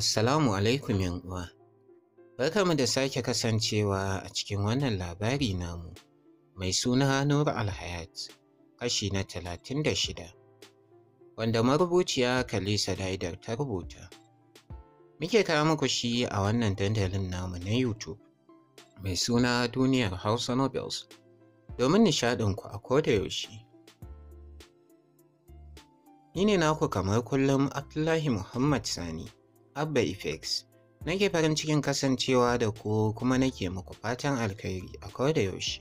Assalamu alaikum uwa. Barkamu da sake kasancewa a cikin wannan labari namu mai suna Nur Alhayat kashi na talatin da shida, wanda marubuciya Kalisa Daidar ta rubuta. Muke kawo muku shi a wannan dandalin namu na YouTube mai suna Duniyar Hausa Nobels domin nishaɗinku a kodayaushe. Ni ne naku kamar kullum Abdullahi Muhammad Sani. Abba Effects. Nake farin cikin kasancewa da ku kuma nake muku fatan alkhairi a da yaushe.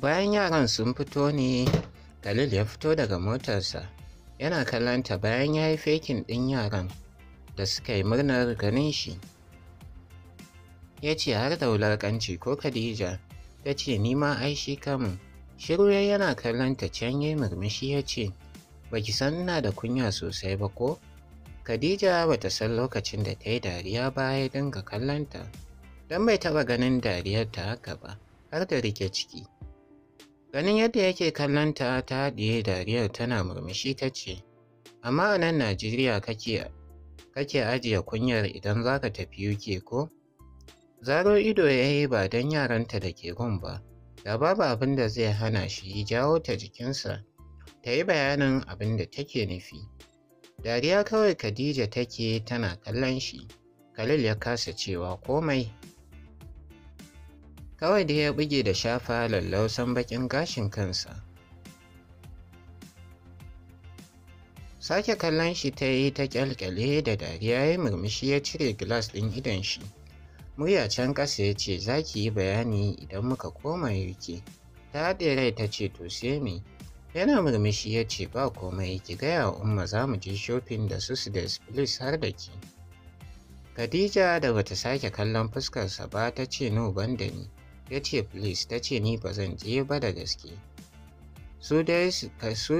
Bayan yaran sun fito ne Khalil ya fito daga motarsa yana kallonta bayan ya yi fekin ɗin yaran da suka yi murnar ganin shi. Ya ce har da ƙanci ko Khadija ta ce ni ma ai shi kamun. Shiru ya yana kallonta can ya murmushi ya ce ba ki san ina da kunya sosai ba ko? Khadija ba ta san lokacin da ta yi dariya ba ya dinga kallonta don bai taɓa ganin dariyarta haka ba har da rike ciki. Ganin yadda yake kallon ta ta haɗiye dariyar tana murmushi ta ce, Amma a nan Najeriya kake kake ajiye kunyar idan za ka tafi yuke ko? Zaro ido ya yi ba don yaranta da ke gun ba, da babu abin da zai hana shi jawo ta jikinsa, ta yi bayanin abin da take nufi. Dariya kawai Khadija take tana kallon shi, Khalil ya kasa cewa komai. kawai da ya buge da shafa lallausan bakin gashin kansa sake kallon shi ta yi ta kyalkyale da dariya ya murmushi ya cire gilas ɗin idon shi murya can ƙasa ya ce za ki yi bayani idan muka koma yuki ta haɗe rai ta ce to sai me yana murmushi ya ce ba komai ki gaya wa umma za mu je shopping da su da splits har da ki khadija da bata sake kallon fuskarsa ba ta ce no ban da ni ya ce please ta ce ni ba zan je ba da gaske su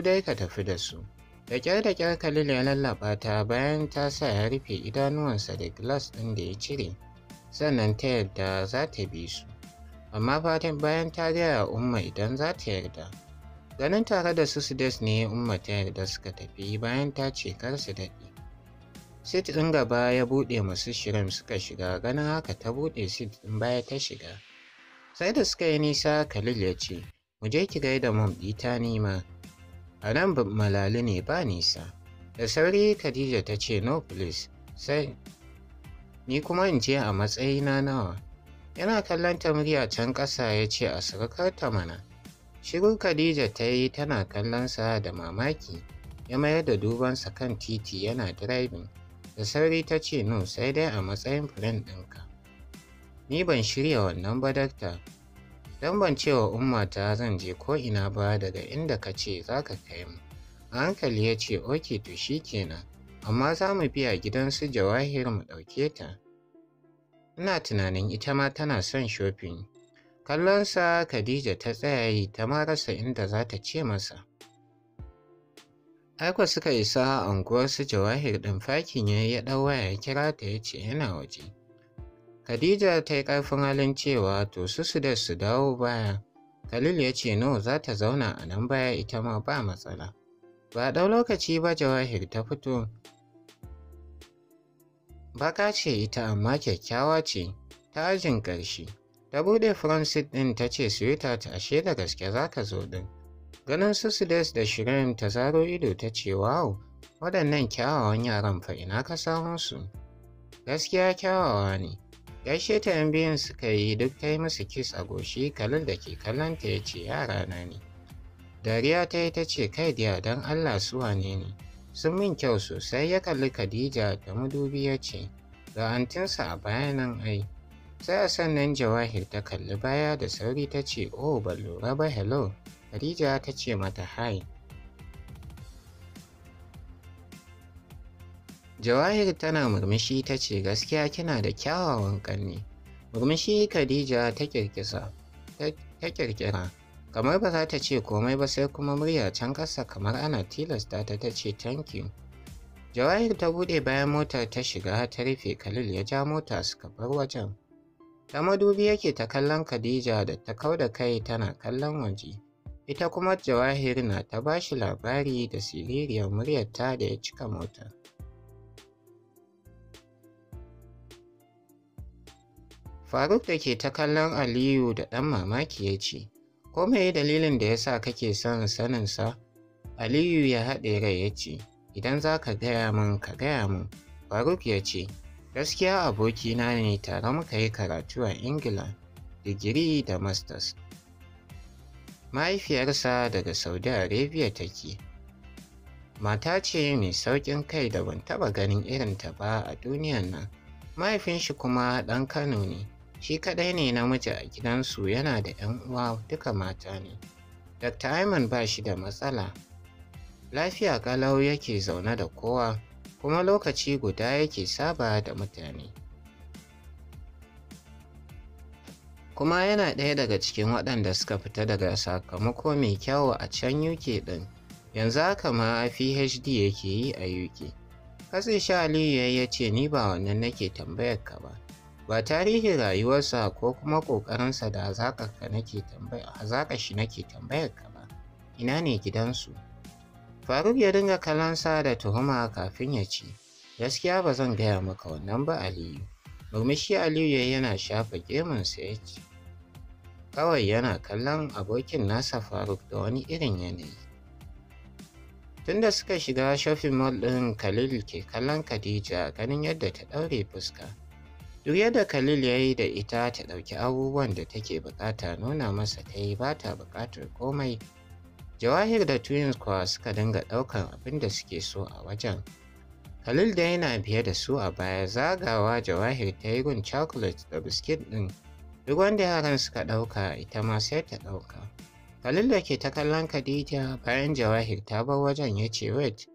dai ka tafi da su da kyar da kyar kalil ya lallaba ta bayan ta sa ya rufe idanuwansa da glass ɗin da ya cire sannan ta yarda za ta bi su amma fatan bayan ta gaya umma idan za ta yarda ganin tare da su des ne umma ta yarda suka tafi bayan ta ce kar su daɗe sit ɗin gaba ya buɗe masu shirin suka shiga ganin haka ta buɗe sit ɗin baya ta shiga sai da suka yi nisa Khalil ya ce mu je ki gaida mum ta nima a nan malali ne ba nisa da sauri Khadija ta ce no please sai ni kuma in je a matsayina nawa yana kallon ta murya can ƙasa ya ce a surukarta mana shiru Khadija ta yi tana kallonsa da mamaki ya mayar da dubansa kan titi yana driving da sauri ta ce no sai dai a matsayin friend ɗinka Ni ban shirya wannan ba dakta. Don ban cewa ummata zan je ko ina ba daga inda ka ce za ka kai mu. A hankali ya ce oke to shi kenan, amma za mu biya gidan su jawahir mu ɗauke ta. Ina tunanin ita ma tana son shopping. Kallonsa Khadija ta tsaya yi ta ma rasa inda za ta ce masa. Aiko suka isa a unguwar jawahir ɗin fakin ya yi ya ɗau waya ya kira ta ya ce yana waje. Khadija ta yi ƙarfin halin cewa to su su da su dawo baya. Khalil ya ce no za ta zauna a nan baya ita ma ba matsala. Ba ɗau lokaci ba Jawahir ta fito. Baka ce ita amma kyakkyawa ce, ta ajin ƙarshe. Ta buɗe Francis ɗin ta ce Sweta ta ashe da gaske za ka zo ɗin. Ganin su da Shirin ta zaro ido ta ce wow, waɗannan kyawawan yaran fa ina ka samu su. Gaskiya kyawawa ne, gaishe ta yan biyun suka yi duk ta yi musu kis a goshi kalil da ke kallon ta ya ce yara na ne dariya ta yi ta ce kai diya don allah su wane ne sun min kyau sosai ya kalli khadija da madubi ya ce ga antinsa a bayanan ai sai a sannan jawahir ta kalli baya da sauri ta ce oh ba lura ba hello khadija ta ce mata hai Jawahir tana murmushi ta ce gaskiya kina da kyawawan ƙanni. Murmushi Khadija ta kirkisa, ta kirkira. Kamar ba za ta ce komai ba sai kuma murya can ƙasa kamar ana tilasta ta ta ce thank you. Jawahir ta buɗe bayan motar ta shiga ta rufe Khalil ya ja mota suka bar wajen. Ta madubi yake ta kallon Khadija da ta kau da kai tana kallon waje. Ita kuma Jawahir na ta bashi labari da siririyar muryarta da ya cika motar. Faruk da ke ta kallon Aliyu da ɗan mamaki ya ce, Ko mai dalilin da ya sa kake son saninsa? Aliyu ya haɗe rai ya ce, Idan za ka gaya min ka gaya min. Faruk ya ce, Gaskiya abokina ne tare muka yi karatu a Ingila, digiri da masters. Mahaifiyarsa daga Saudi Arabia take. Mata ce mai sauƙin kai da ban taɓa ganin irinta ba a duniyan nan. Mahaifin shi kuma ɗan Kano ne. Shi kaɗai ne namiji a gidansu yana da 'yan uwa duka mata ne. Dr. Ayman ba shi da matsala. Lafiya ƙalau yake zaune da kowa, kuma lokaci guda yake saba da mutane. Kuma yana ɗaya daga cikin waɗanda suka fita daga sakamako mai kyau a can UK ɗin, yanzu haka ma PhD yake yi a UK. Katse Aliyu ya ce ni ba wannan nake tambayar ka ba. ba tarihin rayuwarsa ko kuma ƙoƙarinsa da hazaƙar shi nake tambayar ka ba ina ne gidansu faruk ya dinga kalansa da tuhuma kafin ya ci, gaskiya ba zan gaya maka wannan ba aliyu murmushi aliyu ya yana shafa gemunsa ya ce kawai yana kallon abokin nasa faruk da wani irin yanayi tunda suka shiga shopping mall ɗin khalil ke kallon khadija ganin yadda ta ɗaure fuska Duk yadda Khalil ya yi da ita ta ɗauki abubuwan da take buƙata nuna masa ta yi ba ta buƙatar komai. Jawahir da Twins kuwa suka dinga ɗaukar abin da suke so a wajen. Khalil da yana biye da su a baya zagawa Jawahir ta yi gun chocolate da biskit ɗin. Duk wanda yaran suka ɗauka ita ma sai ta ɗauka. Khalil da ke ta kallon Khadija bayan Jawahir ta bar wajen ya ce wait,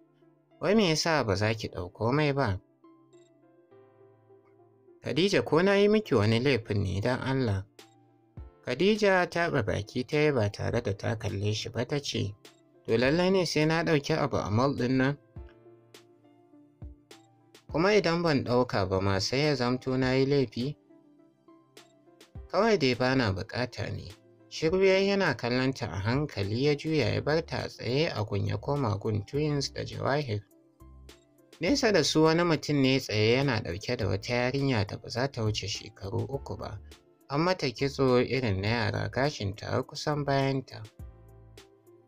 wai me yasa ba za ki ɗauko mai ba? Khadija ko na yi miki wani laifin ne don Allah. Khadija ta baki ta yi ba tare da ta kalle shi ba ta ce, To lallai ne sai na ɗauki abu a mal ɗin nan? Kuma idan ban ɗauka ba ma sai ya zamto na yi laifi? Kawai dai ba na buƙata ne. Shirya yana kallonta a hankali ya juya ya bar ta tsaye a gun koma gun twins da jawahir. Nesa da su wani mutum ne tsaye yana ɗauke da wata yarinya da ba za ta wuce shekaru uku ba, an mata kitso irin na yara gashin ta kusan bayanta.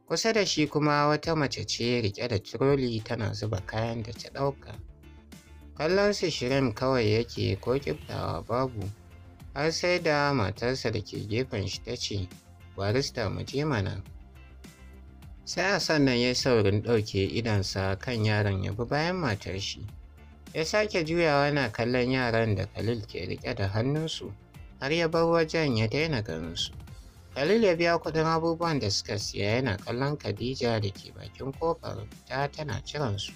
Kusa da shi kuma wata mace ce riƙe da turoli tana zuba kayan da ta ɗauka. Kallon su shirin kawai yake ko kiftawa babu, har sai da matarsa da ke gefen shi ta ce, barista mu je mana. sai a sannan ya saurin ɗauke idonsa kan yaron ya bi bayan matar shi. Ya sake juyawa na kallon yaran da Khalil ke riƙe da hannunsu har ya bar wajen ya daina ganinsu. Khalil ya biya kudin abubuwan da suka siya yana kallon Khadija da ke bakin kofar ta tana ciransu.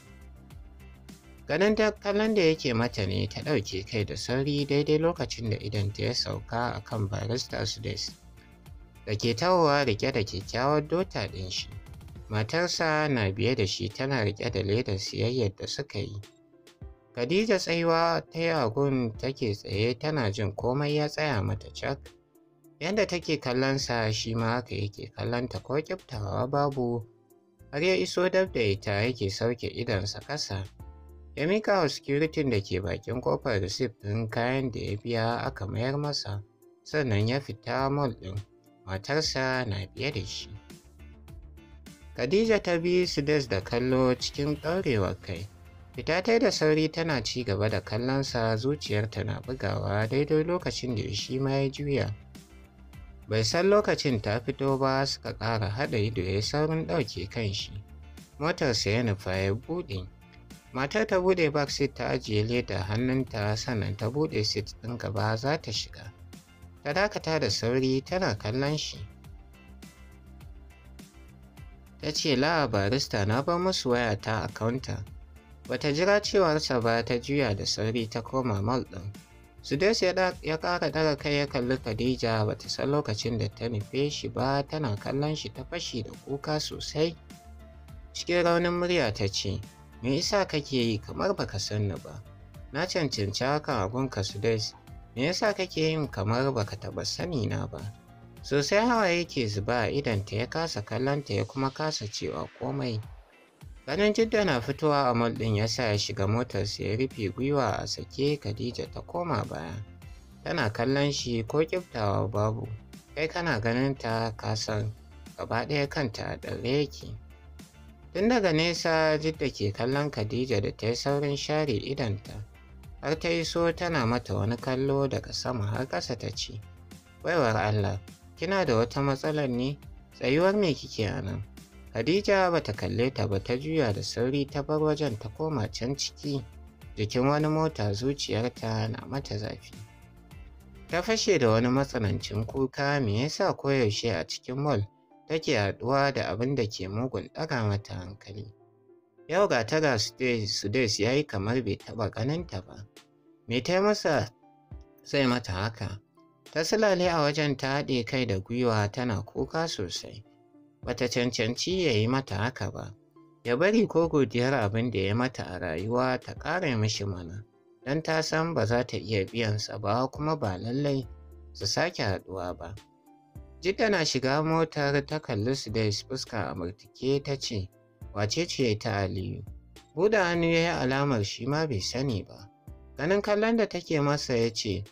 Ganin da kallon da yake mata ne ta ɗauke kai da sauri daidai lokacin da idonta ya sauka akan kan barista Sudes da ke tawowa rike da kyakkyawar dota ɗin shi. Matarsa na biye da shi tana riƙe da ledar siyayyar da suka yi. Khadija tsayuwa ta yagun take tsaye tana jin komai ya tsaya mata cak. Yadda take kallonsa shi ma haka yake kallonta ko kyaftawa babu har ya iso dab da ita yake sauke idonsa ƙasa. Ya mika wa sikiritin da ke bakin kofar risif ɗin kayan da ya biya aka mayar masa sannan ya fita mol ɗin matarsa na biye da shi. Khadija ta bi Sides da kallo cikin ɗaurewar kai. Fita ta da sauri tana ci gaba da kallonsa zuciyarta na bugawa daidai lokacin da shi ma ya juya. Bai san lokacin ta fito ba suka ƙara haɗa ido ya saurin ɗauke kan shi. Motarsa ya nufa ya buɗe. Matar ta buɗe back seat ta ajiye leda hannunta sannan ta buɗe seat ɗin gaba za ta shiga. Ta dakata da sauri tana kallon shi. ta ce la'a barista na bar musu waya a kaunta bata jira cewarsa ba ta juya da sauri ta koma mal ɗin sudais ya ƙara ɗaga kai ya kalli khadija bata san lokacin da ta nufe shi ba tana kallon shi ta fashi da kuka sosai cikin raunin murya ta ce me yasa kake yi kamar baka san ni ba na cancanci hakan a su sudais me yasa kake yin kamar baka taba sani na ba sosai hawaye ke zuba a idanta ya kasa kallonta ya kuma kasa cewa komai ganin jidda na fitowa a mall ɗin ya sa ya shiga motarsa ya rufe gwiwa a sake khadija ta koma baya tana kallon shi ko kiftawa babu kai kana ganin ta kasan gaba ɗaya kanta a ɗaure yake tun daga nesa jidda ke kallon khadija da ta yi saurin share idanta har ta yi so tana mata wani kallo daga sama har ƙasa ta ce baiwar allah kina da wata matsalar ne? Tsayuwar me kike a nan? Khadija ba ta kalle ta ba ta juya da sauri ta bar wajen ta koma can ciki. Jikin wani mota zuciyarta na mata zafi. Ta fashe da wani matsanancin kuka me yasa koyaushe a cikin mall take haɗuwa da abin da ke mugun ɗaga mata hankali. Yau ga ta ga Sudes ya yi kamar bai taɓa ta ba. Me ta masa sai mata haka? Ta silale a wajen ta haɗe kai da gwiwa tana kuka sosai. Bata cancanci ya yi mata haka ba. Ya bari ko godiyar abin da ya mata a rayuwa ta ƙara mishi mana. Don ta san ba za ta iya sa ba kuma ba lallai su sake haɗuwa ba. Jidda na shiga motar ta kalli su da fuska a murtuke ta ce, Wace ce ta Aliyu? Buda hannu ya yi alamar shi ma bai sani ba. Ganin kallon da take masa ya ce,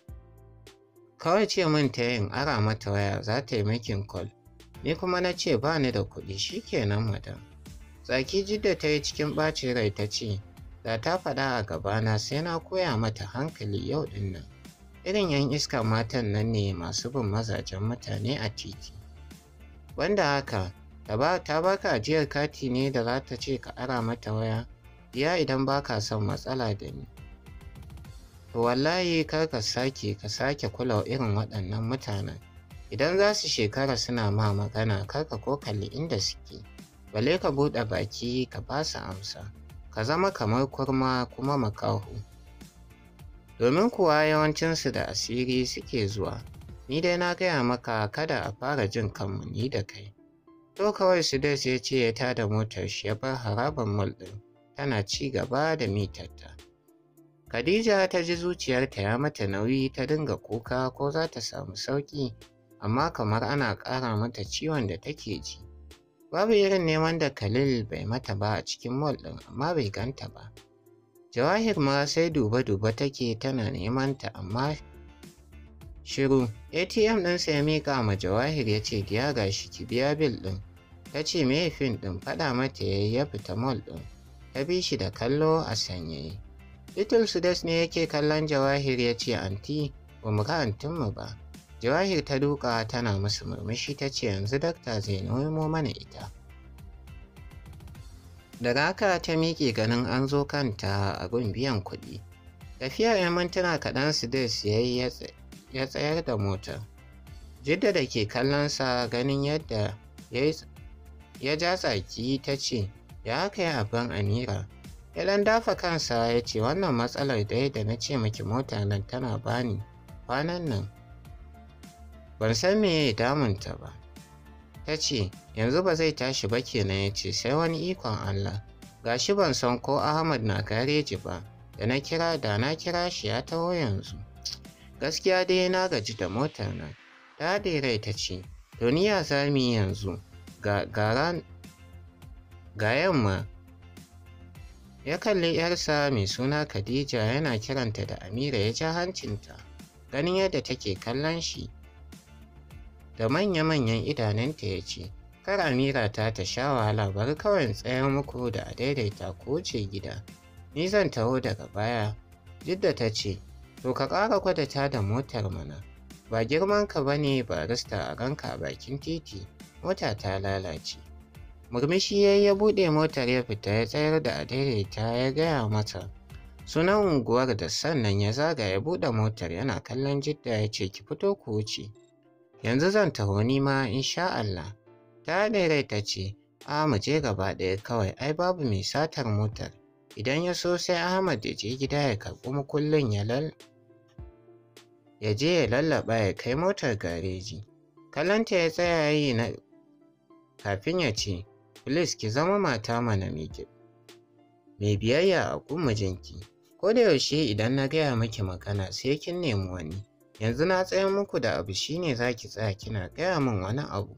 kawai ce min ta yin ara mata waya za ta yi makin kwal, ni kuma na ce ba ni da kuɗi shi kenan madam tsaki jidda ta yi cikin ɓacin rai ta ce da ta faɗa a gabana sai na koya mata hankali yau ɗin nan irin yan iska matan nan ne masu bin mazajen mutane a titi wanda haka ta baka ajiyar kati ne da za ta ce ka ara mata waya iya idan ba ka son matsala da ni to wallahi kar ka sake ka sake kula irin waɗannan mutanen idan za su shekara suna ma magana kar ka ko kalli inda suke bale ka buɗe baki ka ba su amsa ka zama kamar kurma kuma makaho domin kuwa yawancinsu da asiri suke zuwa ni dai na gaya maka kada a fara jin kanmu ni da kai to kawai su dai sai ce ya tada motar shi ya bar harabar mall ɗin tana ci gaba da mitarta Khadija ta ji zuciyarta ya mata nauyi ta dinga kuka ko za ta samu sauƙi, amma kamar ana ƙara mata ciwon da take ji. Babu irin neman da Khalil bai mata ba a cikin mall ɗin amma bai ganta ba. Jawahir ma sai duba-duba take tana neman ta amma shiru. ATM ɗinsa ya Mika ma Jawahir ya ce diya ga shi ki biya bil ɗin. Ta ce me fin ɗin faɗa mata ya ya fita mall ɗin. Ta bi shi da kallo a sanyaye. Little Sudas ne yake kallon Jawahir ya ce anti ba mu ga antinmu ba. Jawahir ta duka tana musu murmushi ta ce yanzu dakta zai nemo mana ita. Daga haka ta miƙe ganin an zo kanta a biyan kuɗi. Tafiya 'yan mintuna kaɗan Sudas ya yi ya tsayar da motar. Jidda da ke kallonsa ganin yadda ya ja tsaki ta ce, Ya haka yi abin Amira, ya dafa kansa ya ce wannan matsalar ɗaya da na ce miki mota nan tana bani kwanan nan ban san me ya damunta ba ta ce yanzu ba zai tashi ba kenan ya ce sai wani ikon Allah gashi ban san ko Ahmad na gareji ba da na kira da na kira shi ya taho yanzu gaskiya dai na gaji da motar nan ta rai ta ce duniya za mu yi yanzu ga yamma ya kalli 'yarsa mai suna Khadija yana kiranta da Amira ya ja hancinta, ganin yadda take kallon shi. Da manya-manyan idanunta ya ce, Kar Amira ta ta sha wahala bari kawai in tsayar muku da a daidaita ko ce gida, ni zan taho daga baya. Jidda ta ce, To ka ƙara gwada da motar mana, ba girmanka ba ne barista a ranka a bakin titi, mota ta lalace. murmushi ya yi ya buɗe motar ya fita ya tsayar da adaidaita ya gaya mata sunan unguwar da sannan ya zaga ya buɗe motar yana kallon jidda ya ce ki fito ku wuce yanzu zan taho ni ma insha Allah ta rai ta ce a mu je gaba ɗaya kawai ai babu mai satar motar idan ya so sai Ahmad ya je gida ya karɓi mukullin ya lal ya je ya lallaba ya kai motar gareji ta ya tsaya yi na kafin ya ce Please ki zama mata mana miki. Mai biyayya a kun mijinki. Ko da yaushe idan na gaya miki magana sai kin nemi wani. Yanzu na tsaya muku da abu shine zaki tsaya kina gaya min wani abu.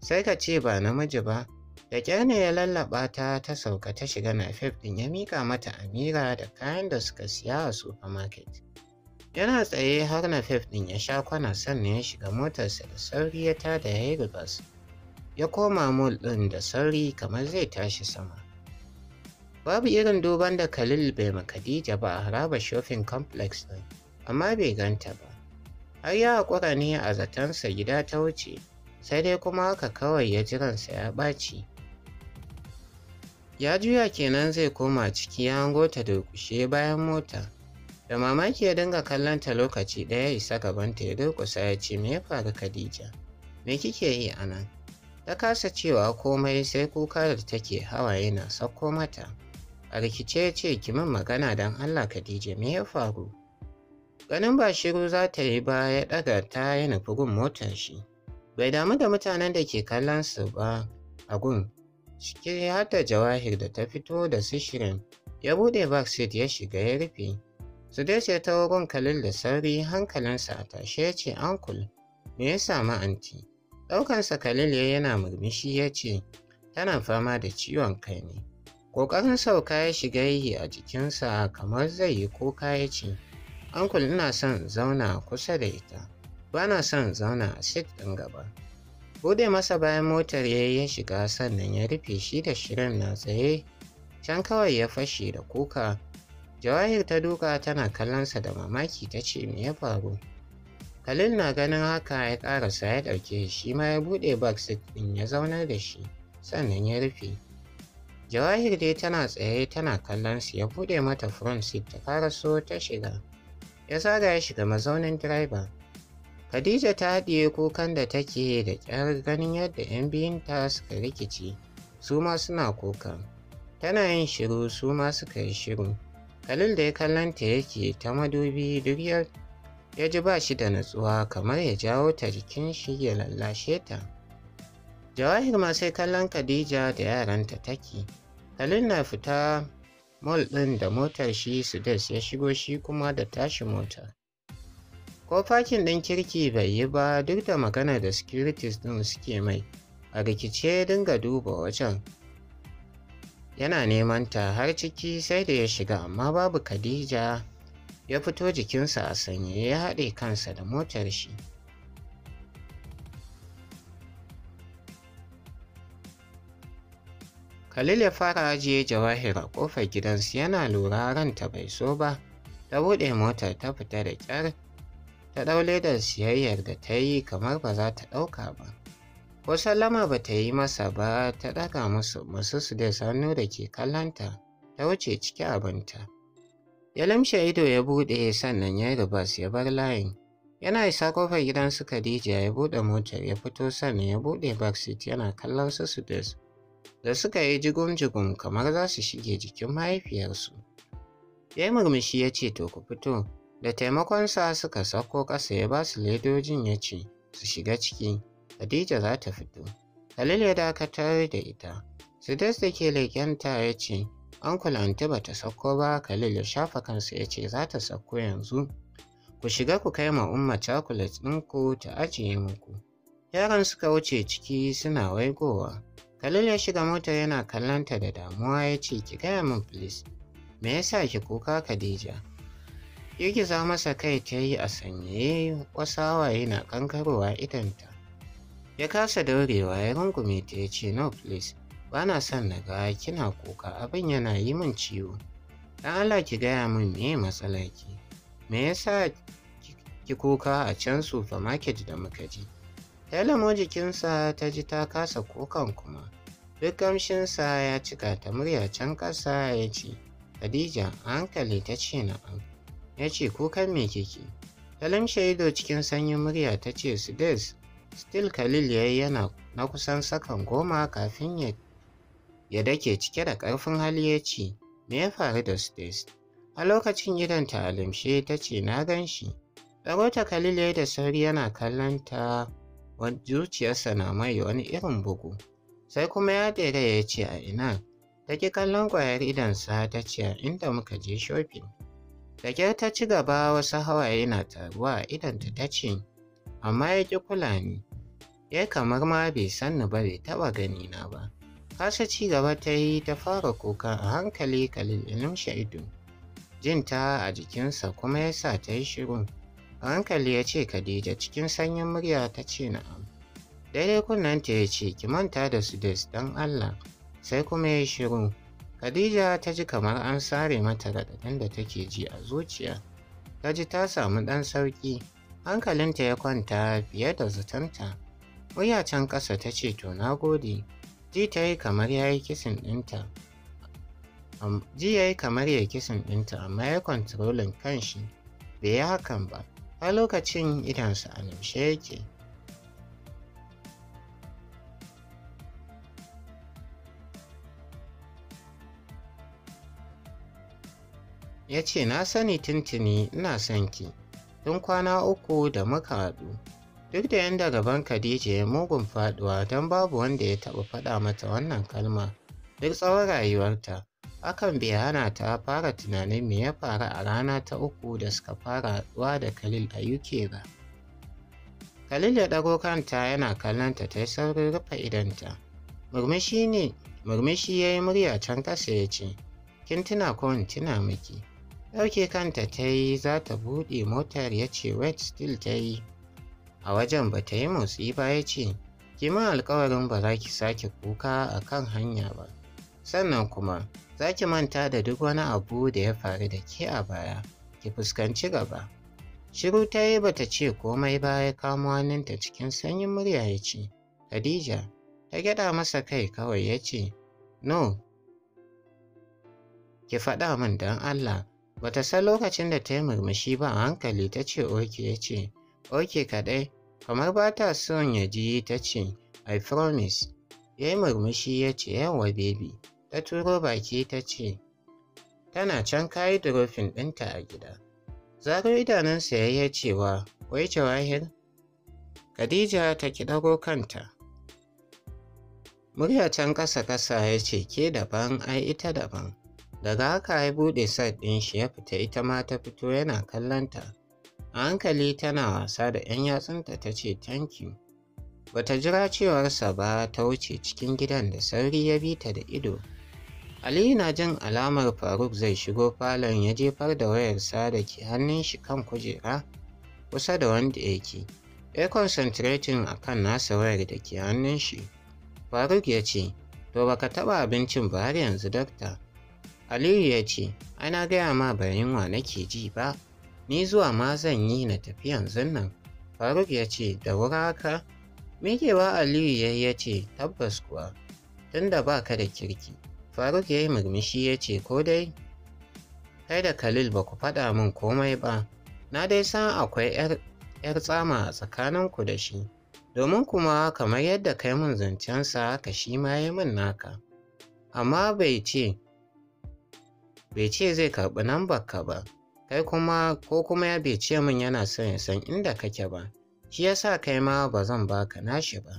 Sai ka ce ba namiji ba, da ne ya lallaɓa ta ta sauka ta shiga nafef ɗin ya mika mata amira da kayan da suka siya a supermarket. Yana tsaye har nafef ɗin ya sha kwana sannan ya shiga motarsa da sauri ya tada ya yi ya koma mol ɗin da sauri kamar zai tashi sama. Babu irin duban da Khalil bai ma Khadija ba a haraba shopping complex ɗin, amma bai ganta ba. Har ya haƙura ne a zatonsa gida ta wuce, sai dai kuma haka kawai ya jiransa ya ɓaci. Ya juya kenan zai koma ciki ya hango ta durƙushe bayan mota. Da mamaki ya dinga kallon ta lokaci ɗaya isa gabanta ya durƙusa ya ce me ya faru Khadija? Me kike yi anan? nan? Ta kasa cewa komai sai kuka da take hawaye na sauko mata. A rikice ya ce ki min magana don Allah Khadija me ya faru? Ganin ba shiru za ta yi ba ya daga ta yi nufi motar shi. Bai damu da mutanen da ke kallon su ba a gun. Ciki har da jawahir da ta fito da su shirin ya buɗe backseat ya shiga ya rufe. Su dai sai ta wurin kalil da sauri hankalinsa a tashe ya ce ankul me ya samu anti? Ɗaukansa Khalil ya yana murmushi ya ce, Tana fama da ciwon kai ne. Ƙoƙarin sauka ya shiga yi a jikinsa kamar zai yi kuka ya ce, Ankul ina son zauna kusa da ita, ba na son zauna a sit ɗin gaba. Bude masa bayan motar ya ya shiga sannan ya rufe shi da shirin na tsaye, can kawai ya fashe da kuka. Jawahir ta duka tana kallonsa da mamaki ta ce me ya faru. Khalil na ganin haka ya ƙarasa ya ɗauke shi ma ya buɗe backseat ɗin ya zauna da shi sannan ya rufe. Jawahir dai tana tsaye tana kallon su ya buɗe mata front seat ta karaso ta shiga. Ya zaga ya shiga mazaunin driver. Khadija ta haɗiye kukan da take da ƙyar ganin yadda 'yan biyunta suka rikici su ma suna kuka. Tana yin shiru su ma suka yi shiru. Khalil da ya kallon ta yake ta madubi duk ya ji ba shi da natsuwa kamar ya jawo ta jikin shi ya lallashe ta. Jawahir ma sai kallon Khadija da yaranta take. Halin na fita mol ɗin da motar shi su Sudes ya shigo shi kuma da tashi mota. Ko fakin ɗin kirki bai yi ba duk da magana da securities ɗin suke mai, a rikice dinga duba wajen. Yana neman ta har ciki sai da ya shiga amma babu Khadija. ya fito jikinsa a sanye ya haɗe kansa da motar shi Khalil ya fara ajiye jawahir a ƙofar gidansu yana lura ranta bai so ba, ta buɗe motar ta fita da ƙyar, ta ɗau da siyayyar da ta yi kamar ba za ta ɗauka ba. Ko sallama ba ta yi masa ba ta ɗaga musu masu su da hannu da ke kallanta, ta wuce ciki abinta. Ya lamshe ido ya buɗe sannan ya yi bas, ya bar layin. Yana isa kofar gidan su Khadija ya buɗe motar ya fito sannan ya buɗe backseat yana kallon su su da suka yi jigum-jigum kamar za su shige jikin mahaifiyarsu. Ya yi murmushi ya ce to ku fito, da taimakon sa suka sauko ƙasa ya ba su ledojin ya ce su shiga ciki, Khadija za ta fito. Halil ya dakatar da ita, Sidas da ke leƙenta ya ce An Anti ba ta sauko ba Khalil ya shafa kansa ya ce za ta sauko yanzu. Ku shiga ku kai ma Umma chocolate ɗinku ta ajiye muku. Yaran suka wuce ciki suna waigowa. Khalil ya shiga mota yana kallonta da damuwa ya ce ki gaya min please. Me yasa ki kuka Khadija? Girgiza masa kai ta yi a sanyaye wasu hawaye na kankarowa idanta. Ya kasa daurewa ya rungume ta ya ce no please. Ba na son na ga kina kuka abin yana yi min ciwo. Dan Allah ki gaya min me matsala ki. Me yasa ki kuka a can supermarket da muka ji? Helamo jikinsa ta ji ta kasa kukan kuma. Duk gamshinsa ya cika ta murya can ƙasa ya ce, Khadija hankali ta ce na na'am. Ya ce kukan me kike? Talim shaido cikin sanyin murya ta ce des. still Khalil ya yi yana na kusan sakan goma kafin ya ya dake cike da ƙarfin hali ya ce, Me ya faru da Stace? A lokacin idonta a limshe ta ce na gan shi. ta Khalil ya da sauri yana kallon ta zuciyarsa na mai wani irin bugu. Sai kuma ya ɗera ya ce a ina. Ta ki kallon ƙwayar idonsa ta ce a inda muka je shopping. Da kyar ta ci gaba wasu hawaye na taruwa a idonta ta ce, amma ya ƙi kula ni. Ya kamar ma bai san ni ba bai taɓa ganina ba. Kasa ci gaba ta yi ta fara kuka a hankali kalil ya numshe ido. Jin ta a jikinsa kuma ya sa ta yi shiru. A hankali ya ce Khadija cikin sanyin murya ta ce na'am. Daidai ta ya ce ki manta da su des don Allah sai kuma ya shiru. Khadija ta ji kamar an sare mata raɗaɗin da take ji a zuciya. Ta ji ta samu ɗan sauƙi. Hankalinta ya kwanta fiye da zaton Murya can ƙasa ta ce to na gode. ji ta yi kamar ya yi kisin ɗinta ji ya yi kamar ya kisin ɗinta amma ya kontrolin kanshi bai yi hakan ba a lokacin idansa a nushe yake ya ce na sani tintini ina son ki tun kwana uku da muka haɗu duk da yadda gaban Khadija ya mugun faduwa don babu wanda ya taɓa faɗa mata wannan kalma duk tsawon rayuwarta hakan bai hana ta fara tunanin me ya faru a rana ta uku da suka fara haɗuwa da Khalil a UK ba. Khalil ya ɗago kanta yana kallon ta yi saurin rufe idanta. Murmushi ne, murmushi ya yi murya can kasa ya ce, Kin tuna ko in tuna miki. Ɗauke kanta ta yi za ta buɗe motar ya ce wet still ta yi. a wajen ba ta yi motsi ba ya ce ki ma alkawarin ba za ki sake kuka a kan hanya ba sannan kuma za ki manta da duk wani abu da ya faru da ke a baya ki fuskanci gaba shiru ta yi ba ta ce komai ba ya kamo hannunta cikin sanyin murya ya ce khadija ta gyada masa kai kawai ya ce no ki faɗa min don allah bata san lokacin da ta yi murmushi ba a hankali ta ce oke ya ce Oke kaɗai, kamar ba ta son ya ji ta ce, I promise. Ya yi murmushi ya ce, yawa baby. Ta turo baki ta ce, tana can kayi durofin ɗinta a gida. Zaro idanunsa ya yi cewa, wai jawahir? Khadija ta kiɗago kanta. Murya can ƙasa-ƙasa ya ce, ke daban, ai ita daban. Daga haka ya buɗe sat ɗin shi ya fita ita ma ta fito yana kallonta. A hankali tana wasa da 'yan yatsunta ta ce thank you. Bata jira cewarsa ba ta wuce cikin gidan da sauri ya bi ta da ido. Aliyu na jin alamar Faruk zai shigo falon ya jefar da wayarsa da ke hannun shi kan kujera kusa da wanda yake. Ya concentrating a kan nasa wayar da ke hannun shi. Faruk ya ce, To baka taɓa abincin ba har yanzu dakta. Aliyu ya ce, Ana gaya ma bayan wa nake ji ba. ni zuwa ma zan yi na tafi yanzun nan faruk ya ce da wuri haka ba aliyu ya yi ya ce tabbas kuwa tunda ba ka da kirki faruk ya yi murmushi ya ce ko dai kai da khalil ba ku faɗa min komai ba na dai san akwai 'yar tsama a tsakaninku da shi domin kuma kamar yadda kai mun zancensa haka shi ma ya min naka amma bai ce bai ce zai karɓi nan ka ba kai kuma ko kuma ya bai ce min yana son ya san inda kake ba shi yasa kai ma ba zan baka nashi ba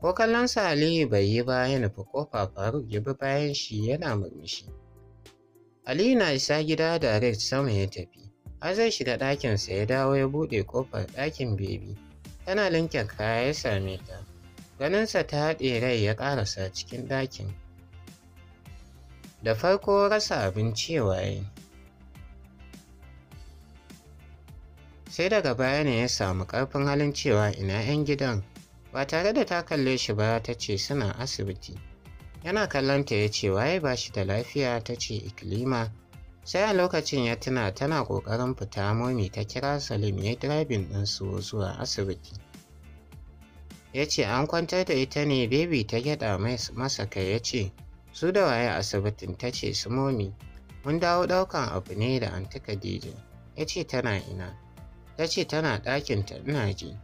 ko kallon sa Aliyu bai yi ba ya nufi kofa Faruk ya bi bayan shi yana murmushi Aliyu na isa gida da red sama ya tafi har zai shiga ɗakinsa ya dawo ya buɗe kofar ɗakin bebi tana linke kaya ya same ta ganinsa ta haɗe rai ya ƙarasa cikin ɗakin da farko rasa abinci waye sai daga baya ne ya samu ƙarfin halin cewa ina 'yan gidan ba tare da ta kalle shi ba ta ce suna asibiti yana kallonta ya ce waye ba shi da lafiya ta ce ikilima sai a lokacin ya tuna tana ƙoƙarin fita momi ta kira salim ya ɗin su zuwa asibiti ya ce an kwantar da ita ne bebi ta gyaɗa masa kai ya ce su da waye asibitin ta ce su momi mun dawo ɗaukan abu ne da tuka dijin ya ce tana ina ta ce tana ɗakinta ina ji.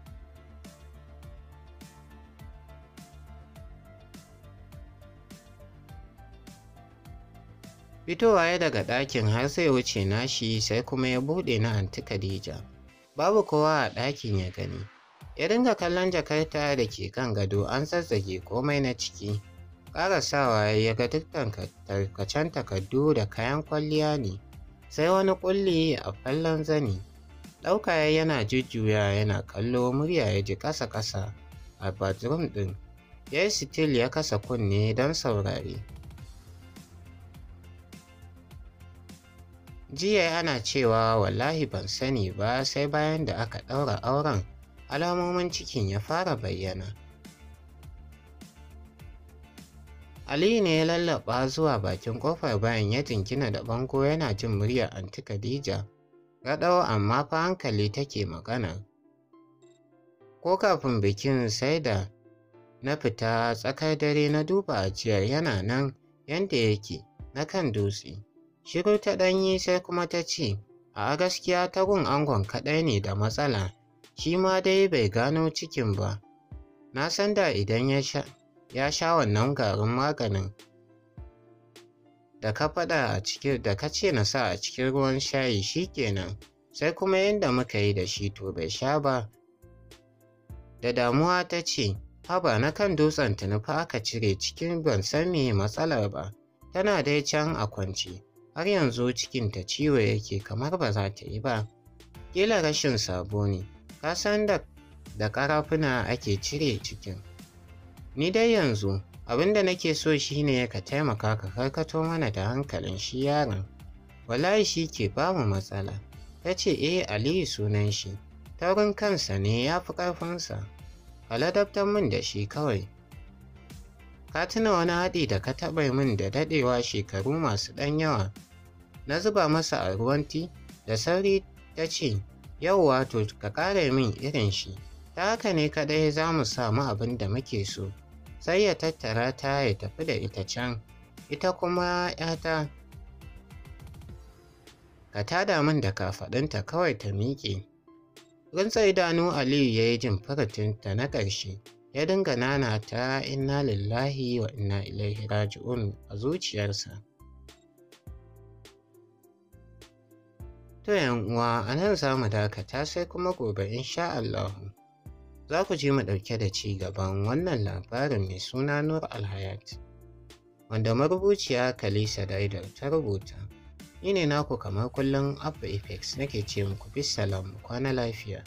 Fitowa ya daga ɗakin har sai wuce nashi sai kuma ya buɗe na anti Khadija. Babu kowa a ɗakin ya gani. Ya dinga kallon jakarta da ke kan gado an zazzage komai na ciki. Ƙarasawa ya yaga dukkan tarkacen takardu da kayan kwalliya ne. Sai wani ƙulli a fallon zani. ɗaukaya yana jujjuya yana kallo murya ya ji kasa-kasa a bathroom ɗin. Ya yi sitil ya kasa kunne don saurari Jiya ana cewa wallahi ban sani ba sai bayan da aka ɗaura auren alamomin cikin ya fara bayyana. ali ne ya lallaba zuwa bakin kofar bayan ya jingina da bango yana jin murya anti Khadija Gaɗau amma fa hankali take magana. Ko kafin bikin sai da na fita tsakar dare na duba ajiyar yana nan yanda yake na kan dutse. Shiru ta ɗanyi sai kuma ta ce, a gaskiya ta gun angon kaɗai ne da matsala, shi ma dai bai gano cikin ba. Na san da idan ya sha wannan garin maganin da ka faɗa a cikin da ka ce na sa a cikin ruwan shayi shi kenan, sai kuma yadda muka yi da shi to bai sha ba da damuwa ta ce haba na kan dutsen tunufa aka cire cikin ban san me matsalar ba tana dai can a kwance har yanzu cikin ta ciwo yake kamar ba za ta yi ba kila rashin sabo ne ka san da ƙarafuna karafuna ake cire cikin ni dai yanzu abin da nake so shi ne ya ka taimaka ka karkato mana da hankalin shi yaron wallahi shi ke bamu matsala ta ce eh aliyu sunan shi taurin kansa ne ya fi ƙarfinsa aladabtar min da shi kawai ka tuna wani haɗi da ka taɓa min da daɗewa shekaru masu ɗan yawa na zuba masa a ruwan ti da sauri ta ce yau wato ka ƙara min irin shi ta haka ne kaɗai za mu samu abin da muke so sai ya tattara ta ya tafi da ita can ita kuma ‘yata ka tada min da kafaɗinta kawai ta miƙe rinsa idanu aliyu ya yi jin furtinta na ƙarshe ya dinga nana ta inna lillahi wa inna ilaihi raji'un a zuciyarsa to uwa a nan za mu dakata sai kuma gobe insha Allahu. za ku ji mu ɗauke da ci gaban wannan labarin mai suna Nur Alhayat, wanda marubuciya Kalisa Daidar ta rubuta. Ni ne naku kamar kullum Abba na nake ce muku bis mu kwana lafiya.